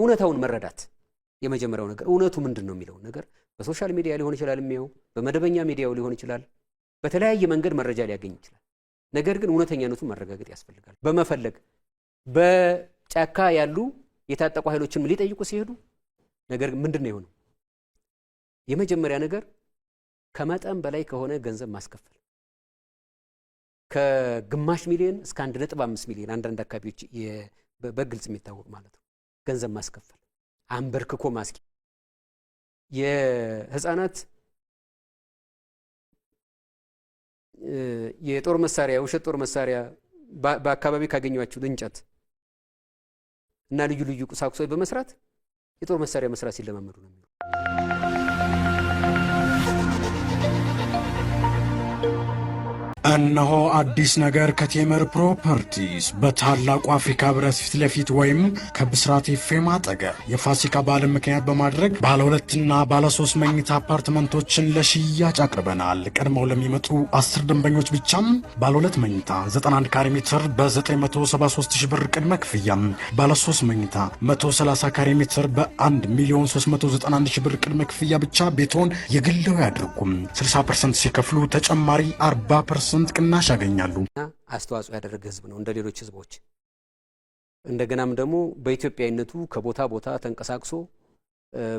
እውነታውን መረዳት የመጀመሪያው ነገር እውነቱ ምንድን ነው የሚለውን ነገር በሶሻል ሚዲያ ሊሆን ይችላል የሚየው በመደበኛ ሚዲያው ሊሆን ይችላል። በተለያየ መንገድ መረጃ ሊያገኝ ይችላል። ነገር ግን እውነተኛነቱን ማረጋገጥ ያስፈልጋል። በመፈለግ በጫካ ያሉ የታጠቁ ኃይሎችንም ሊጠይቁ ሲሄዱ ነገር ግን ምንድን ነው የሆነው? የመጀመሪያ ነገር ከመጠን በላይ ከሆነ ገንዘብ ማስከፈል ከግማሽ ሚሊዮን እስከ አንድ ነጥብ አምስት ሚሊዮን አንዳንድ አካባቢዎች በግልጽ የሚታወቅ ማለት ነው። ገንዘብ ማስከፈል፣ አንበርክኮ ማስኪ የህፃናት የጦር መሳሪያ የውሸት ጦር መሳሪያ በአካባቢ ካገኟቸው እንጨት እና ልዩ ልዩ ቁሳቁሶች በመስራት የጦር መሳሪያ መስራት ሲለማመዱ ነው የሚሉ እነሆ አዲስ ነገር ከቴምር ፕሮፐርቲስ በታላቁ አፍሪካ ህብረት ፊት ለፊት ወይም ከብስራት ኤፍኤም አጠገብ የፋሲካ በዓልን ምክንያት በማድረግ ባለ ሁለትና ባለ ሶስት መኝታ አፓርትመንቶችን ለሽያጭ አቅርበናል። ቀድመው ለሚመጡ አስር ደንበኞች ብቻም ባለ ሁለት መኝታ 91 ካሬ ሜትር በ973 ሺህ ብር ቅድመ ክፍያ፣ ባለ ሶስት መኝታ 130 ካሬ ሜትር በ1 ሚሊዮን 391 ሺህ ብር ቅድመ ክፍያ ብቻ ቤትዎን የግለው ያድርጉም። 60 ፐርሰንት ሲከፍሉ ተጨማሪ 40 ፐርሰንት ፐርሰንት ቅናሽ ያገኛሉ። አስተዋጽኦ ያደረገ ህዝብ ነው እንደ ሌሎች ህዝቦች። እንደገናም ደግሞ በኢትዮጵያዊነቱ ከቦታ ቦታ ተንቀሳቅሶ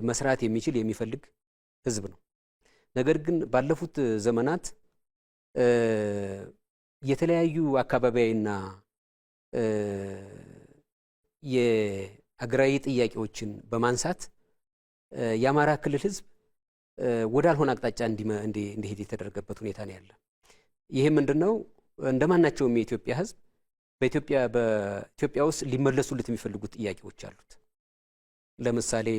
መስራት የሚችል የሚፈልግ ህዝብ ነው። ነገር ግን ባለፉት ዘመናት የተለያዩ አካባቢያዊና የአገራዊ ጥያቄዎችን በማንሳት የአማራ ክልል ህዝብ ወዳልሆነ አቅጣጫ እንዲሄድ የተደረገበት ሁኔታ ነው ያለ። ይሄ ምንድነው እንደ ማናቸውም የኢትዮጵያ ህዝብ በኢትዮጵያ በኢትዮጵያ ውስጥ ሊመለሱለት የሚፈልጉት ጥያቄዎች አሉት። ለምሳሌ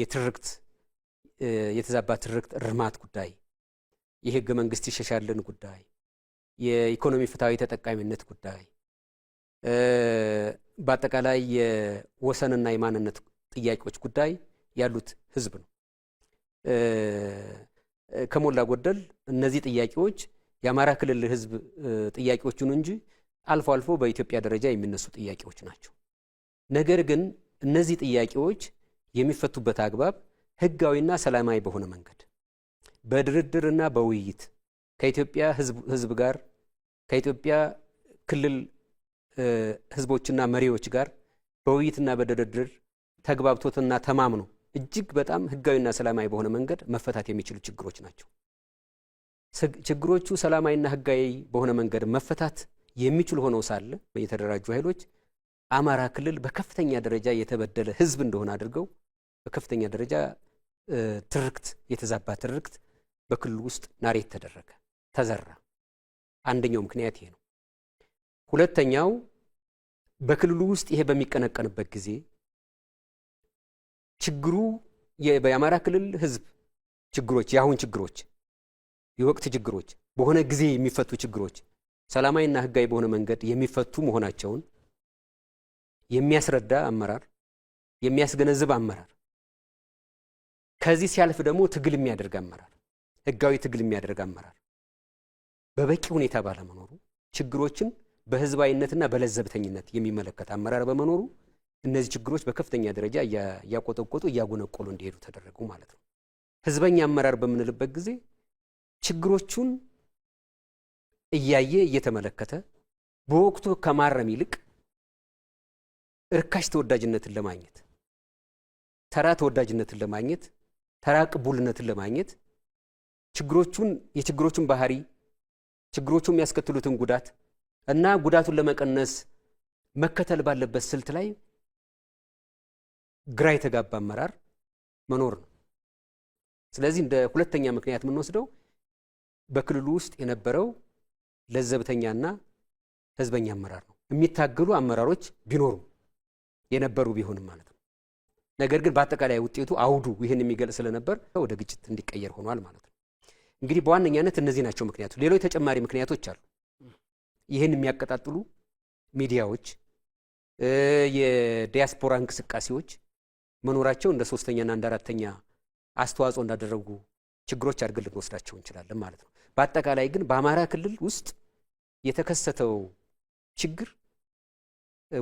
የትርክት የተዛባ ትርክት እርማት ጉዳይ፣ የህገ መንግስት ይሸሻልን ጉዳይ፣ የኢኮኖሚ ፍትሐዊ ተጠቃሚነት ጉዳይ፣ በአጠቃላይ የወሰንና የማንነት ጥያቄዎች ጉዳይ ያሉት ህዝብ ነው። ከሞላ ጎደል እነዚህ ጥያቄዎች የአማራ ክልል ህዝብ ጥያቄዎችን እንጂ አልፎ አልፎ በኢትዮጵያ ደረጃ የሚነሱ ጥያቄዎች ናቸው። ነገር ግን እነዚህ ጥያቄዎች የሚፈቱበት አግባብ ህጋዊና ሰላማዊ በሆነ መንገድ በድርድርና በውይይት ከኢትዮጵያ ህዝብ ጋር ከኢትዮጵያ ክልል ህዝቦችና መሪዎች ጋር በውይይትና በድርድር ተግባብቶትና ተማምኖ እጅግ በጣም ህጋዊና ሰላማዊ በሆነ መንገድ መፈታት የሚችሉ ችግሮች ናቸው። ችግሮቹ ሰላማዊና ህጋዊ በሆነ መንገድ መፈታት የሚችሉ ሆነው ሳለ የተደራጁ ኃይሎች አማራ ክልል በከፍተኛ ደረጃ የተበደለ ህዝብ እንደሆነ አድርገው በከፍተኛ ደረጃ ትርክት፣ የተዛባ ትርክት በክልሉ ውስጥ ናሬት ተደረገ፣ ተዘራ። አንደኛው ምክንያት ይሄ ነው። ሁለተኛው በክልሉ ውስጥ ይሄ በሚቀነቀንበት ጊዜ ችግሩ የአማራ ክልል ህዝብ ችግሮች የአሁን ችግሮች የወቅት ችግሮች በሆነ ጊዜ የሚፈቱ ችግሮች ሰላማዊና ህጋዊ በሆነ መንገድ የሚፈቱ መሆናቸውን የሚያስረዳ አመራር፣ የሚያስገነዝብ አመራር፣ ከዚህ ሲያልፍ ደግሞ ትግል የሚያደርግ አመራር፣ ህጋዊ ትግል የሚያደርግ አመራር በበቂ ሁኔታ ባለመኖሩ ችግሮችን በህዝባዊነትና በለዘብተኝነት የሚመለከት አመራር በመኖሩ እነዚህ ችግሮች በከፍተኛ ደረጃ እያቆጠቆጡ እያጎነቆሉ እንዲሄዱ ተደረጉ ማለት ነው። ህዝበኛ አመራር በምንልበት ጊዜ ችግሮቹን እያየ እየተመለከተ በወቅቱ ከማረም ይልቅ እርካሽ ተወዳጅነትን ለማግኘት ተራ ተወዳጅነትን ለማግኘት ተራ ቅቡልነትን ለማግኘት ችግሮቹን የችግሮቹን ባህሪ ችግሮቹ የሚያስከትሉትን ጉዳት እና ጉዳቱን ለመቀነስ መከተል ባለበት ስልት ላይ ግራ የተጋባ አመራር መኖር ነው። ስለዚህ እንደ ሁለተኛ ምክንያት የምንወስደው በክልሉ ውስጥ የነበረው ለዘብተኛና ህዝበኛ አመራር ነው። የሚታገሉ አመራሮች ቢኖሩም የነበሩ ቢሆንም ማለት ነው። ነገር ግን በአጠቃላይ ውጤቱ አውዱ ይህን የሚገልጽ ስለነበር ወደ ግጭት እንዲቀየር ሆኗል ማለት ነው። እንግዲህ በዋነኛነት እነዚህ ናቸው ምክንያቱ። ሌሎች ተጨማሪ ምክንያቶች አሉ። ይህን የሚያቀጣጥሉ ሚዲያዎች፣ የዲያስፖራ እንቅስቃሴዎች መኖራቸው እንደ ሶስተኛና እንደ አራተኛ አስተዋጽኦ እንዳደረጉ ችግሮች አድርገን ልንወስዳቸው እንችላለን ማለት ነው። በአጠቃላይ ግን በአማራ ክልል ውስጥ የተከሰተው ችግር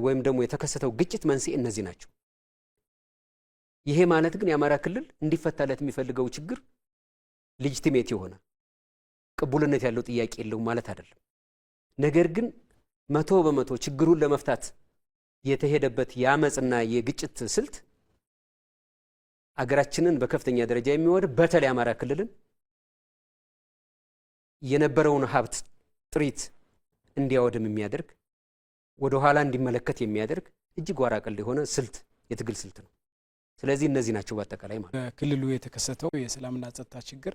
ወይም ደግሞ የተከሰተው ግጭት መንስኤ እነዚህ ናቸው። ይሄ ማለት ግን የአማራ ክልል እንዲፈታለት የሚፈልገው ችግር ሌጅቲሜት የሆነ ቅቡልነት ያለው ጥያቄ የለውም ማለት አይደለም። ነገር ግን መቶ በመቶ ችግሩን ለመፍታት የተሄደበት የአመፅና የግጭት ስልት አገራችንን በከፍተኛ ደረጃ የሚወድ በተለይ አማራ ክልልን የነበረውን ሀብት ጥሪት እንዲያወድም የሚያደርግ ወደ ኋላ እንዲመለከት የሚያደርግ እጅግ ዋራቀል የሆነ ስልት የትግል ስልት ነው። ስለዚህ እነዚህ ናቸው በአጠቃላይ ማለት በክልሉ የተከሰተው የሰላምና ጸጥታ ችግር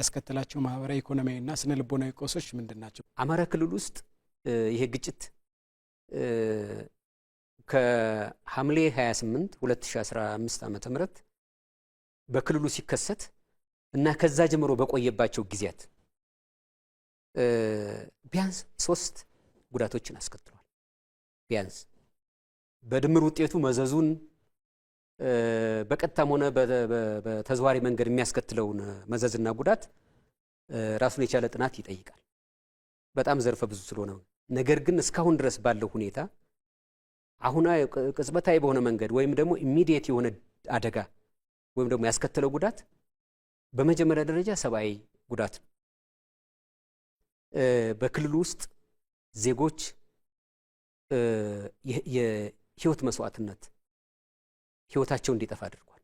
ያስከተላቸው ማህበራዊ፣ ኢኮኖሚያዊና ስነ ልቦናዊ ቀውሶች ምንድን ናቸው? አማራ ክልል ውስጥ ይሄ ግጭት ከሐምሌ 28 2015 ዓ ም በክልሉ ሲከሰት እና ከዛ ጀምሮ በቆየባቸው ጊዜያት ቢያንስ ሶስት ጉዳቶችን አስከትሏል። ቢያንስ በድምር ውጤቱ መዘዙን በቀጥታም ሆነ በተዘዋሪ መንገድ የሚያስከትለውን መዘዝና ጉዳት ራሱን የቻለ ጥናት ይጠይቃል። በጣም ዘርፈ ብዙ ስለሆነ ነገር ግን እስካሁን ድረስ ባለው ሁኔታ አሁን ቅጽበታዊ በሆነ መንገድ ወይም ደግሞ ኢሚዲየት የሆነ አደጋ ወይም ደግሞ ያስከተለው ጉዳት በመጀመሪያ ደረጃ ሰብአዊ ጉዳት ነው። በክልሉ ውስጥ ዜጎች የህይወት መስዋዕትነት ህይወታቸው እንዲጠፋ አድርጓል።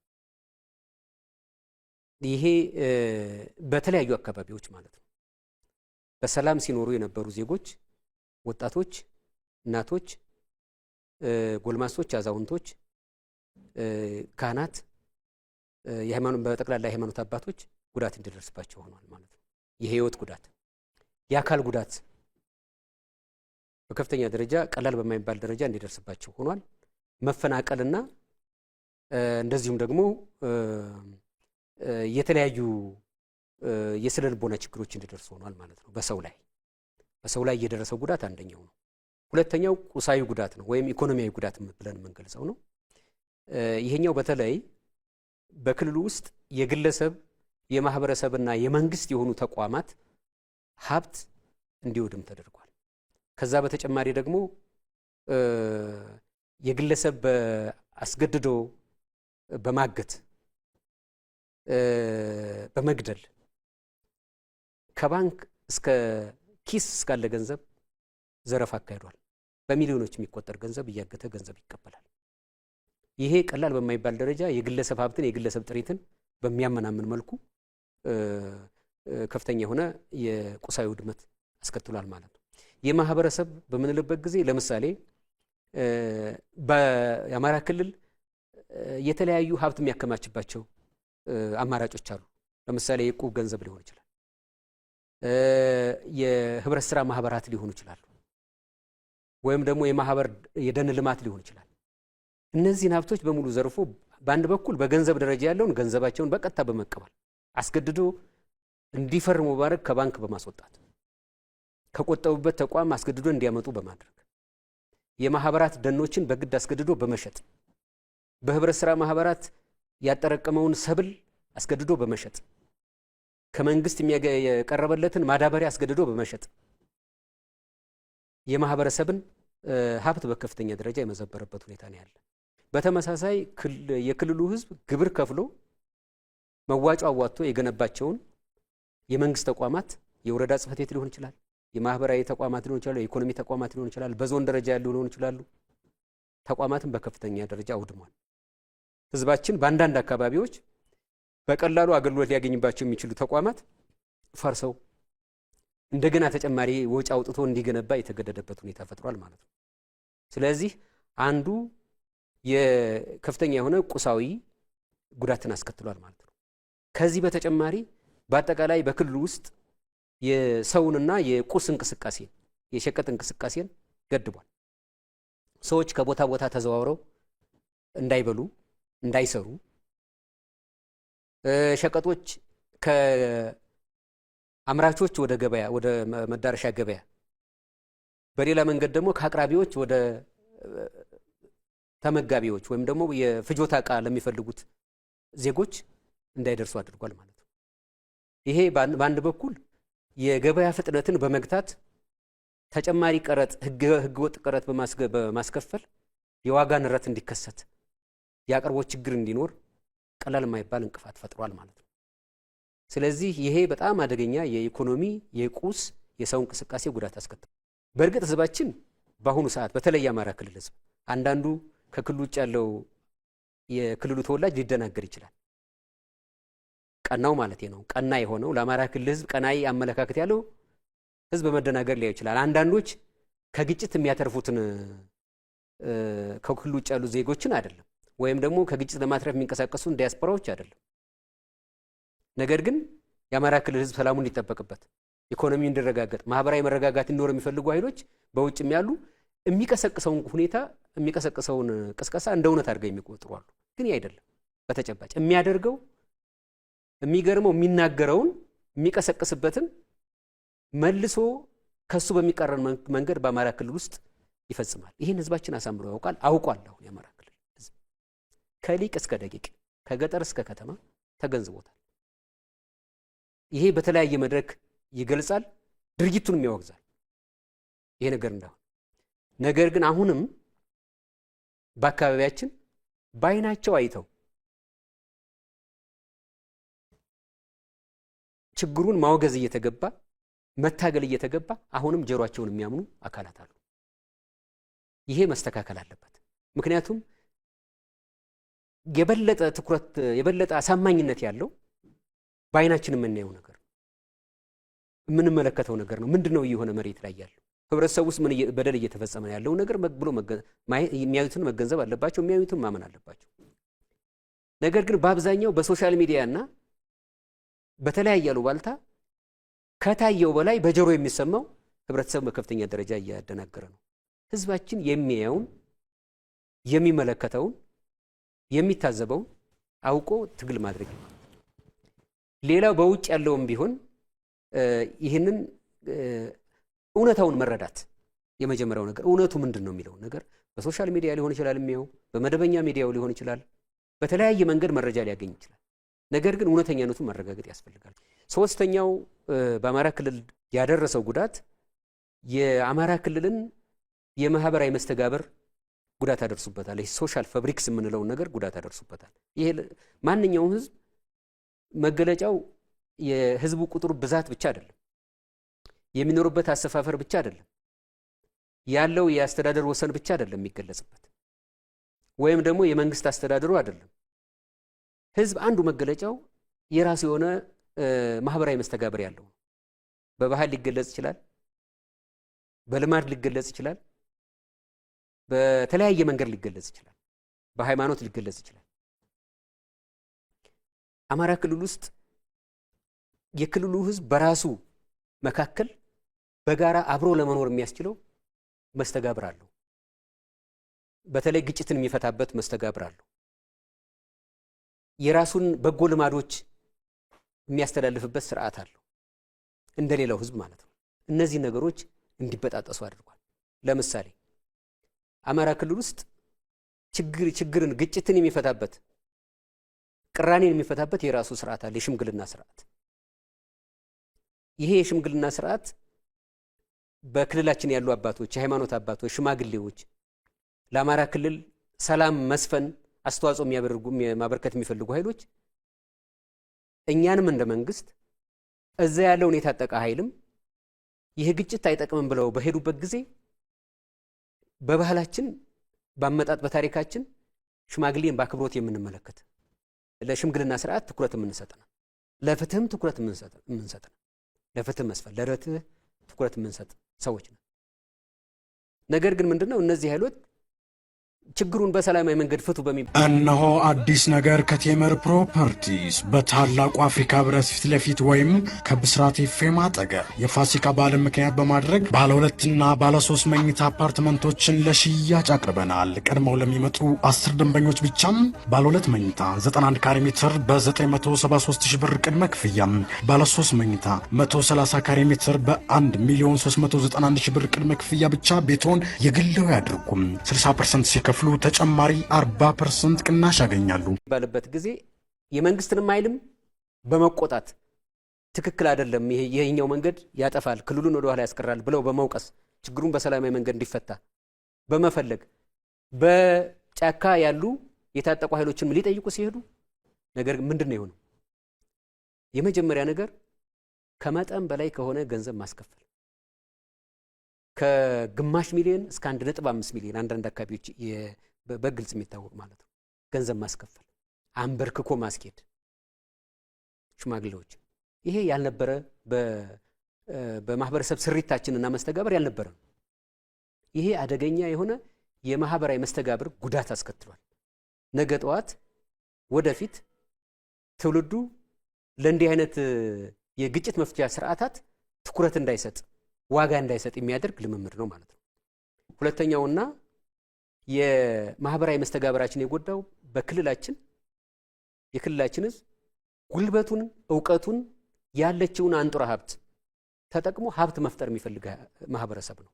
ይሄ በተለያዩ አካባቢዎች ማለት ነው። በሰላም ሲኖሩ የነበሩ ዜጎች፣ ወጣቶች፣ እናቶች፣ ጎልማሶች፣ አዛውንቶች፣ ካህናት በጠቅላላ የሃይማኖት አባቶች ጉዳት እንዲደርስባቸው ሆኗል ማለት ነው። የህይወት ጉዳት፣ የአካል ጉዳት በከፍተኛ ደረጃ ቀላል በማይባል ደረጃ እንዲደርስባቸው ሆኗል። መፈናቀልና እንደዚሁም ደግሞ የተለያዩ የስነ ልቦና ችግሮች እንዲደርሱ ሆኗል ማለት ነው። በሰው ላይ በሰው ላይ የደረሰው ጉዳት አንደኛው ነው። ሁለተኛው ቁሳዊ ጉዳት ነው ወይም ኢኮኖሚያዊ ጉዳት ብለን የምንገልጸው ነው። ይሄኛው በተለይ በክልሉ ውስጥ የግለሰብ የማህበረሰብና የመንግስት የሆኑ ተቋማት ሀብት እንዲወድም ተደርጓል። ከዛ በተጨማሪ ደግሞ የግለሰብ በአስገድዶ በማገት በመግደል ከባንክ እስከ ኪስ እስካለ ገንዘብ ዘረፍ አካሂዷል። በሚሊዮኖች የሚቆጠር ገንዘብ እያገተ ገንዘብ ይቀበላል። ይሄ ቀላል በማይባል ደረጃ የግለሰብ ሀብትን የግለሰብ ጥሪትን በሚያመናምን መልኩ ከፍተኛ የሆነ የቁሳዊ ውድመት አስከትሏል ማለት ነው። የማህበረሰብ በምንልበት ጊዜ ለምሳሌ በአማራ ክልል የተለያዩ ሀብት የሚያከማችባቸው አማራጮች አሉ። ለምሳሌ የዕቁብ ገንዘብ ሊሆን ይችላል። የህብረት ስራ ማህበራት ሊሆኑ ይችላሉ። ወይም ደግሞ የማህበር የደን ልማት ሊሆን ይችላል። እነዚህን ሀብቶች በሙሉ ዘርፎ በአንድ በኩል በገንዘብ ደረጃ ያለውን ገንዘባቸውን በቀጥታ በመቀበል አስገድዶ እንዲፈርሙ ማድረግ ከባንክ በማስወጣት ከቆጠቡበት ተቋም አስገድዶ እንዲያመጡ በማድረግ የማህበራት ደኖችን በግድ አስገድዶ በመሸጥ በህብረት ስራ ማህበራት ያጠረቀመውን ሰብል አስገድዶ በመሸጥ ከመንግስት የቀረበለትን ማዳበሪያ አስገድዶ በመሸጥ የማህበረሰብን ሀብት በከፍተኛ ደረጃ የመዘበረበት ሁኔታ ነው ያለ። በተመሳሳይ የክልሉ ህዝብ ግብር ከፍሎ መዋጮ አዋጥቶ የገነባቸውን የመንግስት ተቋማት የወረዳ ጽህፈት ቤት ሊሆን ይችላል፣ የማህበራዊ ተቋማት ሊሆን ይችላል፣ የኢኮኖሚ ተቋማት ሊሆን ይችላል፣ በዞን ደረጃ ያሉ ሊሆን ይችላሉ። ተቋማትን በከፍተኛ ደረጃ አውድሟል። ህዝባችን በአንዳንድ አካባቢዎች በቀላሉ አገልግሎት ሊያገኝባቸው የሚችሉ ተቋማት ፈርሰው እንደገና ተጨማሪ ወጪ አውጥቶ እንዲገነባ የተገደደበት ሁኔታ ፈጥሯል ማለት ነው። ስለዚህ አንዱ የከፍተኛ የሆነ ቁሳዊ ጉዳትን አስከትሏል ማለት ነው። ከዚህ በተጨማሪ በአጠቃላይ በክልሉ ውስጥ የሰውንና የቁስ እንቅስቃሴን የሸቀጥ እንቅስቃሴን ገድቧል። ሰዎች ከቦታ ቦታ ተዘዋውረው እንዳይበሉ፣ እንዳይሰሩ ሸቀጦች ከአምራቾች ወደ ገበያ ወደ መዳረሻ ገበያ በሌላ መንገድ ደግሞ ከአቅራቢዎች ወደ ተመጋቢዎች ወይም ደግሞ የፍጆታ እቃ ለሚፈልጉት ዜጎች እንዳይደርሱ አድርጓል ማለት ነው። ይሄ በአንድ በኩል የገበያ ፍጥነትን በመግታት ተጨማሪ ቀረጥ፣ ህገወጥ ቀረጥ በማስከፈል የዋጋ ንረት እንዲከሰት የአቅርቦት ችግር እንዲኖር ቀላል የማይባል እንቅፋት ፈጥሯል ማለት ነው። ስለዚህ ይሄ በጣም አደገኛ የኢኮኖሚ የቁስ የሰው እንቅስቃሴ ጉዳት አስከትሏል። በእርግጥ ህዝባችን በአሁኑ ሰዓት በተለይ የአማራ ክልል ህዝብ አንዳንዱ ከክልሉ ውጭ ያለው የክልሉ ተወላጅ ሊደናገር ይችላል። ቀናው ማለት ነው። ቀና የሆነው ለአማራ ክልል ህዝብ ቀናይ አመለካከት ያለው ህዝብ በመደናገር ሊያዩ ይችላል። አንዳንዶች ከግጭት የሚያተርፉትን ከክልሉ ውጭ ያሉ ዜጎችን አይደለም፣ ወይም ደግሞ ከግጭት ለማትረፍ የሚንቀሳቀሱን ዲያስፖራዎች አይደለም። ነገር ግን የአማራ ክልል ህዝብ ሰላሙ እንዲጠበቅበት፣ ኢኮኖሚ እንዲረጋገጥ፣ ማህበራዊ መረጋጋት እንዲኖር የሚፈልጉ ኃይሎች በውጭም ያሉ የሚቀሰቅሰውን ሁኔታ የሚቀሰቅሰውን ቅስቀሳ እንደ እውነት አድርገው የሚቆጥሩ አሉ። ግን አይደለም። በተጨባጭ የሚያደርገው የሚገርመው የሚናገረውን የሚቀሰቅስበትን መልሶ ከሱ በሚቀረን መንገድ በአማራ ክልል ውስጥ ይፈጽማል። ይህን ህዝባችን አሳምሮ ያውቃል፣ አውቋል። አሁን የአማራ ክልል ህዝብ ከሊቅ እስከ ደቂቅ ከገጠር እስከ ከተማ ተገንዝቦታል። ይሄ በተለያየ መድረክ ይገልጻል፣ ድርጊቱንም ያወግዛል። ይሄ ነገር እንዳሁን ነገር ግን አሁንም በአካባቢያችን በአይናቸው አይተው ችግሩን ማውገዝ እየተገባ መታገል እየተገባ አሁንም ጆሯቸውን የሚያምኑ አካላት አሉ። ይሄ መስተካከል አለበት። ምክንያቱም የበለጠ ትኩረት የበለጠ አሳማኝነት ያለው በአይናችን የምናየው ነገር ነው፣ የምንመለከተው ነገር ነው። ምንድን ነው እየሆነ መሬት ላይ ያለው? ህብረተሰብ ውስጥ ምን በደል እየተፈጸመ ያለው ነገር ብሎ የሚያዩትን መገንዘብ አለባቸው፣ የሚያዩትን ማመን አለባቸው። ነገር ግን በአብዛኛው በሶሻል ሚዲያ እና በተለያየ አሉባልታ ከታየው በላይ በጆሮ የሚሰማው ህብረተሰብ በከፍተኛ ደረጃ እያደናገረ ነው። ህዝባችን የሚያየውን የሚመለከተውን የሚታዘበውን አውቆ ትግል ማድረግ ሌላው በውጭ ያለውም ቢሆን ይህንን እውነታውን መረዳት የመጀመሪያው ነገር እውነቱ ምንድን ነው የሚለውን ነገር በሶሻል ሚዲያ ሊሆን ይችላል የሚየው በመደበኛ ሚዲያው ሊሆን ይችላል በተለያየ መንገድ መረጃ ሊያገኝ ይችላል። ነገር ግን እውነተኛነቱን ማረጋገጥ ያስፈልጋል። ሶስተኛው በአማራ ክልል ያደረሰው ጉዳት የአማራ ክልልን የማህበራዊ መስተጋበር ጉዳት አደርሱበታል። ሶሻል ፈብሪክስ የምንለውን ነገር ጉዳት አደርሱበታል። ይሄ ማንኛውም ህዝብ መገለጫው የህዝቡ ቁጥር ብዛት ብቻ አይደለም። የሚኖሩበት አሰፋፈር ብቻ አይደለም ያለው የአስተዳደር ወሰን ብቻ አይደለም የሚገለጽበት ወይም ደግሞ የመንግስት አስተዳደሩ አይደለም። ህዝብ አንዱ መገለጫው የራሱ የሆነ ማህበራዊ መስተጋብር ያለው ነው። በባህል ሊገለጽ ይችላል፣ በልማድ ሊገለጽ ይችላል፣ በተለያየ መንገድ ሊገለጽ ይችላል፣ በሃይማኖት ሊገለጽ ይችላል። አማራ ክልል ውስጥ የክልሉ ህዝብ በራሱ መካከል በጋራ አብሮ ለመኖር የሚያስችለው መስተጋብር አለው። በተለይ ግጭትን የሚፈታበት መስተጋብር አለው። የራሱን በጎ ልማዶች የሚያስተላልፍበት ስርዓት አለው፣ እንደሌላው ህዝብ ማለት ነው። እነዚህ ነገሮች እንዲበጣጠሱ አድርጓል። ለምሳሌ አማራ ክልል ውስጥ ችግር ችግርን ግጭትን የሚፈታበት ቅራኔን የሚፈታበት የራሱ ስርዓት አለ፣ የሽምግልና ስርዓት። ይሄ የሽምግልና ስርዓት በክልላችን ያሉ አባቶች፣ የሃይማኖት አባቶች፣ ሽማግሌዎች ለአማራ ክልል ሰላም መስፈን አስተዋጽኦ የሚያደርጉ ማበርከት የሚፈልጉ ኃይሎች እኛንም እንደ መንግስት እዛ ያለውን የታጠቀ ኃይልም ይህ ግጭት አይጠቅምም ብለው በሄዱበት ጊዜ በባህላችን በአመጣጥ በታሪካችን ሽማግሌን በአክብሮት የምንመለከት ለሽምግልና ስርዓት ትኩረት የምንሰጥ ነው። ለፍትህም ትኩረት የምንሰጥ ነው። ለፍትህ መስፈን ለርትህ ትኩረት የምንሰጥ ሰዎች ነን። ነገር ግን ምንድነው እነዚህ ኃይሎች ችግሩን በሰላማዊ መንገድ ፍቱ በሚ እነሆ አዲስ ነገር ከቴምር ፕሮፐርቲስ በታላቁ አፍሪካ ህብረት ፊት ለፊት ወይም ከብስራት ኤፍኤም አጠገብ የፋሲካ በዓልን ምክንያት በማድረግ ባለ ሁለትና ባለ ሶስት መኝታ አፓርትመንቶችን ለሽያጭ አቅርበናል። ቀድመው ለሚመጡ አስር ደንበኞች ብቻም ባለ ሁለት መኝታ 91 ካሬ ሜትር በ973 ሺ ብር ቅድመ ክፍያ፣ ባለ ሶስት መኝታ 130 ካሬ ሜትር በ1 ሚሊዮን 391 ሺ ብር ቅድመ ክፍያ ብቻ ቤትዎን የግለው ያድርጉም 60 ሲከ ሲከፍሉ ተጨማሪ 40 ፐርሰንት ቅናሽ ያገኛሉ ባለበት ጊዜ የመንግስትንም ኃይልም በመቆጣት ትክክል አይደለም፣ ይሄኛው መንገድ ያጠፋል፣ ክልሉን ወደ ኋላ ያስቀራል ብለው በመውቀስ ችግሩን በሰላማዊ መንገድ እንዲፈታ በመፈለግ በጫካ ያሉ የታጠቁ ኃይሎችንም ሊጠይቁ ሲሄዱ ነገር ምንድን ነው የሆነው? የመጀመሪያ ነገር ከመጠን በላይ ከሆነ ገንዘብ ማስከፈል ከግማሽ ሚሊዮን እስከ አንድ ነጥብ አምስት ሚሊዮን አንዳንድ አካባቢዎች በግልጽ የሚታወቅ ማለት ነው። ገንዘብ ማስከፈል፣ አንበርክኮ ማስኬድ ሽማግሌዎች፣ ይሄ ያልነበረ በማህበረሰብ እና መስተጋብር ያልነበረ ነው። ይሄ አደገኛ የሆነ የማህበራዊ መስተጋብር ጉዳት አስከትሏል። ነገ ጠዋት ወደፊት ትውልዱ ለእንዲህ አይነት የግጭት መፍቻ ስርዓታት ትኩረት እንዳይሰጥ ዋጋ እንዳይሰጥ የሚያደርግ ልምምድ ነው ማለት ነው። ሁለተኛውና የማህበራዊ መስተጋብራችን የጎዳው በክልላችን የክልላችን ህዝብ ጉልበቱን፣ እውቀቱን፣ ያለችውን አንጡራ ሀብት ተጠቅሞ ሀብት መፍጠር የሚፈልግ ማህበረሰብ ነው።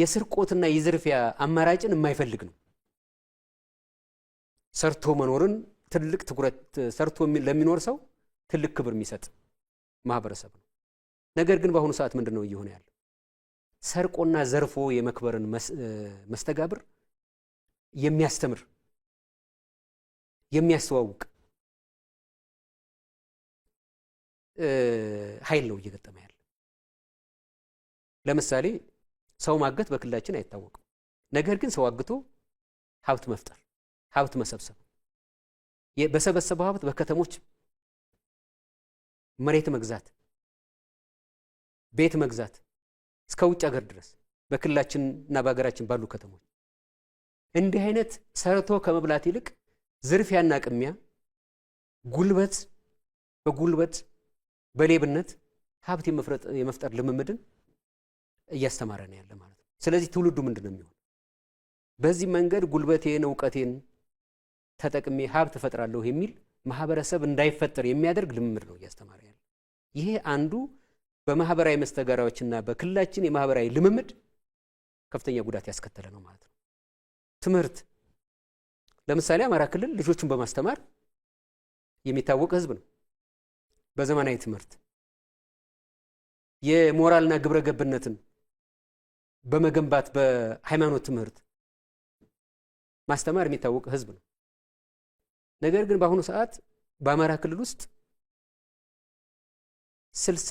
የስርቆትና የዝርፊያ አማራጭን የማይፈልግ ነው። ሰርቶ መኖርን ትልቅ ትኩረት ሰርቶ ለሚኖር ሰው ትልቅ ክብር የሚሰጥ ማህበረሰብ ነው። ነገር ግን በአሁኑ ሰዓት ምንድን ነው እየሆነ ያለው? ሰርቆና ዘርፎ የመክበርን መስተጋብር የሚያስተምር የሚያስተዋውቅ ኃይል ነው እየገጠመ ያለ። ለምሳሌ ሰው ማገት በክልላችን አይታወቅም። ነገር ግን ሰው አግቶ ሀብት መፍጠር፣ ሀብት መሰብሰብ፣ በሰበሰበው ሀብት በከተሞች መሬት መግዛት፣ ቤት መግዛት እስከ ውጭ ሀገር ድረስ በክልላችን እና በሀገራችን ባሉ ከተሞች እንዲህ አይነት ሰርቶ ከመብላት ይልቅ ዝርፊያና ቅሚያ፣ ጉልበት በጉልበት በሌብነት ሀብት የመፍጠር ልምምድን እያስተማረ ነው ያለ ማለት ነው። ስለዚህ ትውልዱ ምንድን ነው የሚሆን? በዚህ መንገድ ጉልበቴን እውቀቴን ተጠቅሜ ሀብት እፈጥራለሁ የሚል ማህበረሰብ እንዳይፈጠር የሚያደርግ ልምምድ ነው እያስተማረ ያለ። ይሄ አንዱ በማህበራዊ መስተጋራዎችና በክልላችን የማህበራዊ ልምምድ ከፍተኛ ጉዳት ያስከተለ ነው ማለት ነው። ትምህርት ለምሳሌ አማራ ክልል ልጆቹን በማስተማር የሚታወቅ ህዝብ ነው። በዘመናዊ ትምህርት የሞራልና ግብረ ገብነትን በመገንባት በሃይማኖት ትምህርት ማስተማር የሚታወቅ ህዝብ ነው። ነገር ግን በአሁኑ ሰዓት በአማራ ክልል ውስጥ ስልሳ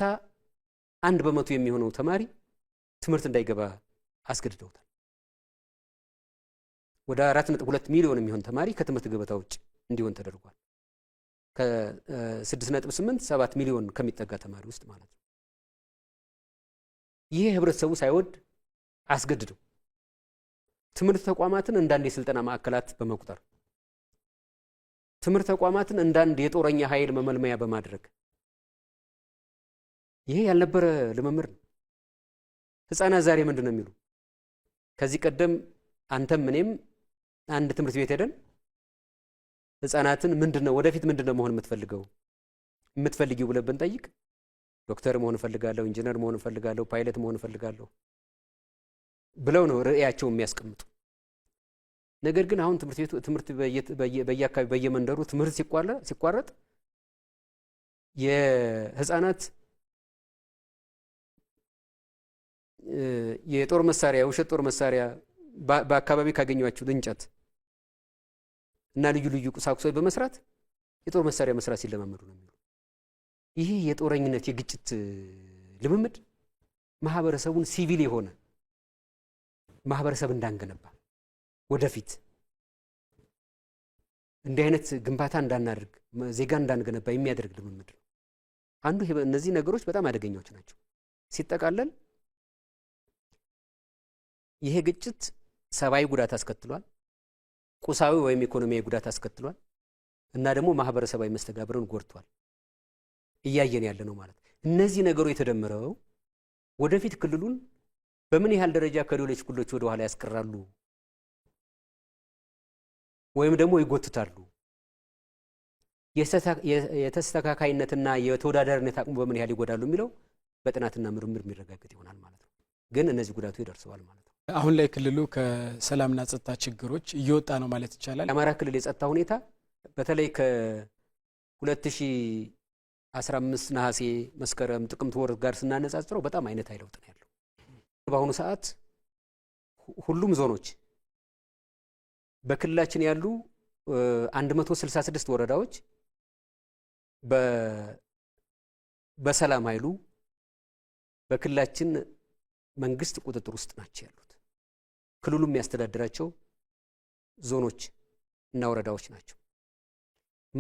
አንድ በመቶ የሚሆነው ተማሪ ትምህርት እንዳይገባ አስገድደውታል። ወደ አራት ነጥብ ሁለት ሚሊዮን የሚሆን ተማሪ ከትምህርት ገበታ ውጭ እንዲሆን ተደርጓል። ከስድስት ነጥብ ስምንት ሰባት ሚሊዮን ከሚጠጋ ተማሪ ውስጥ ማለት ነው። ይሄ ህብረተሰቡ ሳይወድ አስገድደው ትምህርት ተቋማትን እንዳንድ የስልጠና ማዕከላት በመቁጠር ትምህርት ተቋማትን እንዳንድ የጦረኛ ኃይል መመልመያ በማድረግ ይሄ ያልነበረ ልምምድ ነው። ህፃናት ዛሬ ምንድን ነው የሚሉ? ከዚህ ቀደም አንተም እኔም አንድ ትምህርት ቤት ሄደን ህፃናትን ምንድን ነው ወደፊት ምንድን ነው መሆን የምትፈልገው የምትፈልጊው ብለን ብንጠይቅ ዶክተር መሆን እፈልጋለሁ፣ ኢንጂነር መሆን እፈልጋለሁ፣ ፓይለት መሆን እፈልጋለሁ ብለው ነው ርዕያቸውን የሚያስቀምጡ። ነገር ግን አሁን ትምህርት ቤቱ ትምህርት በየአካባቢ በየመንደሩ ትምህርት ሲቋረጥ የህፃናት የጦር መሳሪያ የውሸት ጦር መሳሪያ በአካባቢ ካገኟቸው እንጨት እና ልዩ ልዩ ቁሳቁሶች በመስራት የጦር መሳሪያ መስራት ሲለማመዱ ነው የሚሉ። ይህ የጦረኝነት የግጭት ልምምድ ማህበረሰቡን ሲቪል የሆነ ማህበረሰብ እንዳንገነባ ወደፊት እንዲህ አይነት ግንባታ እንዳናደርግ ዜጋ እንዳንገነባ የሚያደርግ ልምምድ ነው። አንዱ እነዚህ ነገሮች በጣም አደገኛዎች ናቸው። ሲጠቃለል ይሄ ግጭት ሰብአዊ ጉዳት አስከትሏል፣ ቁሳዊ ወይም ኢኮኖሚያዊ ጉዳት አስከትሏል እና ደግሞ ማህበረሰባዊ መስተጋብርን ጎድቷል። እያየን ያለ ነው ማለት እነዚህ ነገሮች የተደመረው ወደፊት ክልሉን በምን ያህል ደረጃ ከሌሎች ክልሎች ወደኋላ ያስቀራሉ ወይም ደግሞ ይጎትታሉ። የተስተካካይነትና የተወዳዳሪነት አቅሙ በምን ያህል ይጎዳሉ የሚለው በጥናትና ምርምር የሚረጋገጥ ይሆናል ማለት ነው። ግን እነዚህ ጉዳቱ ይደርሰዋል ማለት ነው። አሁን ላይ ክልሉ ከሰላምና ጸጥታ ችግሮች እየወጣ ነው ማለት ይቻላል። የአማራ ክልል የጸጥታ ሁኔታ በተለይ ከ2015 ነሐሴ፣ መስከረም፣ ጥቅምት ወር ጋር ስናነጻጽረው በጣም አይነት አይለውጥ ነው ያለው። በአሁኑ ሰዓት ሁሉም ዞኖች በክልላችን ያሉ 166 ወረዳዎች በሰላም ኃይሉ በክልላችን መንግስት ቁጥጥር ውስጥ ናቸው ያሉት። ክልሉ የሚያስተዳድራቸው ዞኖች እና ወረዳዎች ናቸው።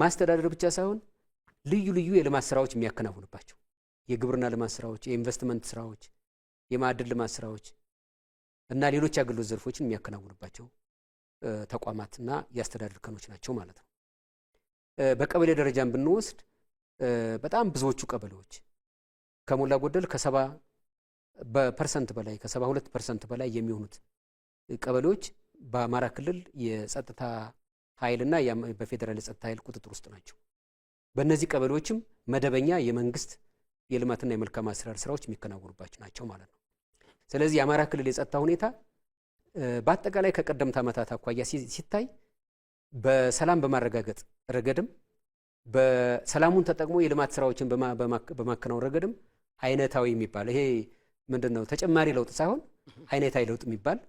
ማስተዳደር ብቻ ሳይሆን ልዩ ልዩ የልማት ስራዎች የሚያከናውንባቸው የግብርና ልማት ስራዎች፣ የኢንቨስትመንት ስራዎች፣ የማዕድን ልማት ስራዎች እና ሌሎች አገልግሎት ዘርፎችን የሚያከናውንባቸው ተቋማትና የአስተዳደር ከኖች ናቸው ማለት ነው። በቀበሌ ደረጃን ብንወስድ በጣም ብዙዎቹ ቀበሌዎች ከሞላ ጎደል ከሰባ በፐርሰንት በላይ ከሰባ ሁለት ፐርሰንት በላይ የሚሆኑት ቀበሌዎች በአማራ ክልል የጸጥታ ኃይልና በፌዴራል የጸጥታ ኃይል ቁጥጥር ውስጥ ናቸው። በእነዚህ ቀበሌዎችም መደበኛ የመንግስት የልማትና የመልካም አሰራር ስራዎች የሚከናወኑባቸው ናቸው ማለት ነው። ስለዚህ የአማራ ክልል የጸጥታ ሁኔታ በአጠቃላይ ከቀደምት ዓመታት አኳያ ሲታይ በሰላም በማረጋገጥ ረገድም በሰላሙን ተጠቅሞ የልማት ስራዎችን በማከናወን ረገድም አይነታዊ የሚባል ይሄ ምንድን ነው ተጨማሪ ለውጥ ሳይሆን አይነታዊ ለውጥ የሚባል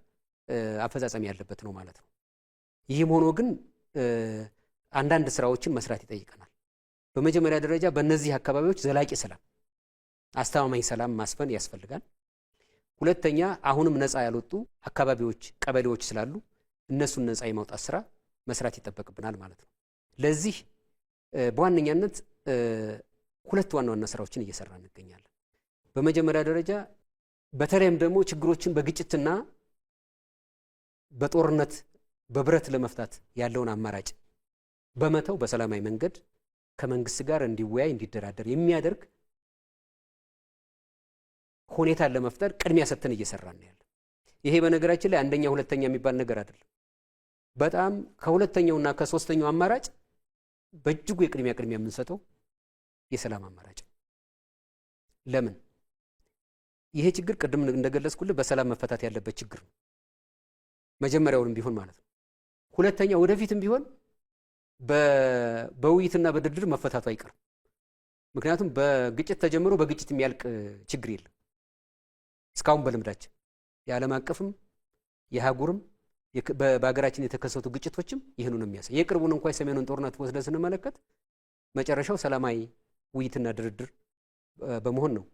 አፈጻጸም ያለበት ነው ማለት ነው። ይህም ሆኖ ግን አንዳንድ ስራዎችን መስራት ይጠይቀናል። በመጀመሪያ ደረጃ በእነዚህ አካባቢዎች ዘላቂ ሰላም፣ አስተማማኝ ሰላም ማስፈን ያስፈልጋል። ሁለተኛ አሁንም ነፃ ያልወጡ አካባቢዎች፣ ቀበሌዎች ስላሉ እነሱን ነፃ የማውጣት ስራ መስራት ይጠበቅብናል ማለት ነው። ለዚህ በዋነኛነት ሁለት ዋና ዋና ስራዎችን እየሰራ እንገኛለን። በመጀመሪያ ደረጃ በተለይም ደግሞ ችግሮችን በግጭትና በጦርነት በብረት ለመፍታት ያለውን አማራጭ በመተው በሰላማዊ መንገድ ከመንግስት ጋር እንዲወያይ እንዲደራደር የሚያደርግ ሁኔታን ለመፍጠር ቅድሚያ ሰጥተን እየሰራን ነው ያለ። ይሄ በነገራችን ላይ አንደኛ ሁለተኛ የሚባል ነገር አይደለም። በጣም ከሁለተኛውና ከሶስተኛው አማራጭ በእጅጉ የቅድሚያ ቅድሚያ የምንሰጠው የሰላም አማራጭ ለምን? ይሄ ችግር ቅድም እንደገለጽኩልህ በሰላም መፈታት ያለበት ችግር ነው። መጀመሪያውንም ቢሆን ማለት ነው። ሁለተኛ ወደፊትም ቢሆን በውይይትና በድርድር መፈታቱ አይቀርም። ምክንያቱም በግጭት ተጀምሮ በግጭት የሚያልቅ ችግር የለም። እስካሁን በልምዳችን የዓለም አቀፍም የሀጉርም በሀገራችን የተከሰቱ ግጭቶችም ይህንን የሚያሳይ የቅርቡን እንኳ የሰሜኑን ጦርነት ወስደን ስንመለከት መጨረሻው ሰላማዊ ውይይትና ድርድር በመሆን ነው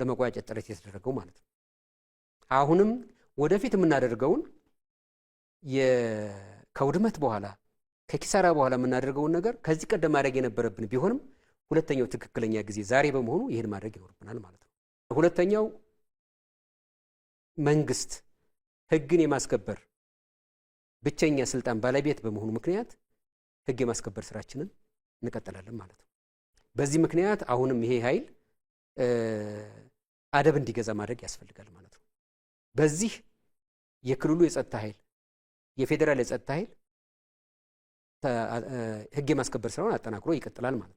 ለመቋጨት ጥረት የተደረገው ማለት ነው። አሁንም ወደፊት የምናደርገውን ከውድመት በኋላ ከኪሳራ በኋላ የምናደርገውን ነገር ከዚህ ቀደም ማድረግ የነበረብን ቢሆንም ሁለተኛው ትክክለኛ ጊዜ ዛሬ በመሆኑ ይህን ማድረግ ይኖርብናል ማለት ነው። ሁለተኛው መንግስት ህግን የማስከበር ብቸኛ ስልጣን ባለቤት በመሆኑ ምክንያት ህግ የማስከበር ስራችንን እንቀጥላለን ማለት ነው። በዚህ ምክንያት አሁንም ይሄ ኃይል አደብ እንዲገዛ ማድረግ ያስፈልጋል ማለት ነው። በዚህ የክልሉ የጸጥታ ኃይል፣ የፌዴራል የጸጥታ ኃይል ህግ የማስከበር ስራውን አጠናክሮ ይቀጥላል ማለት ነው።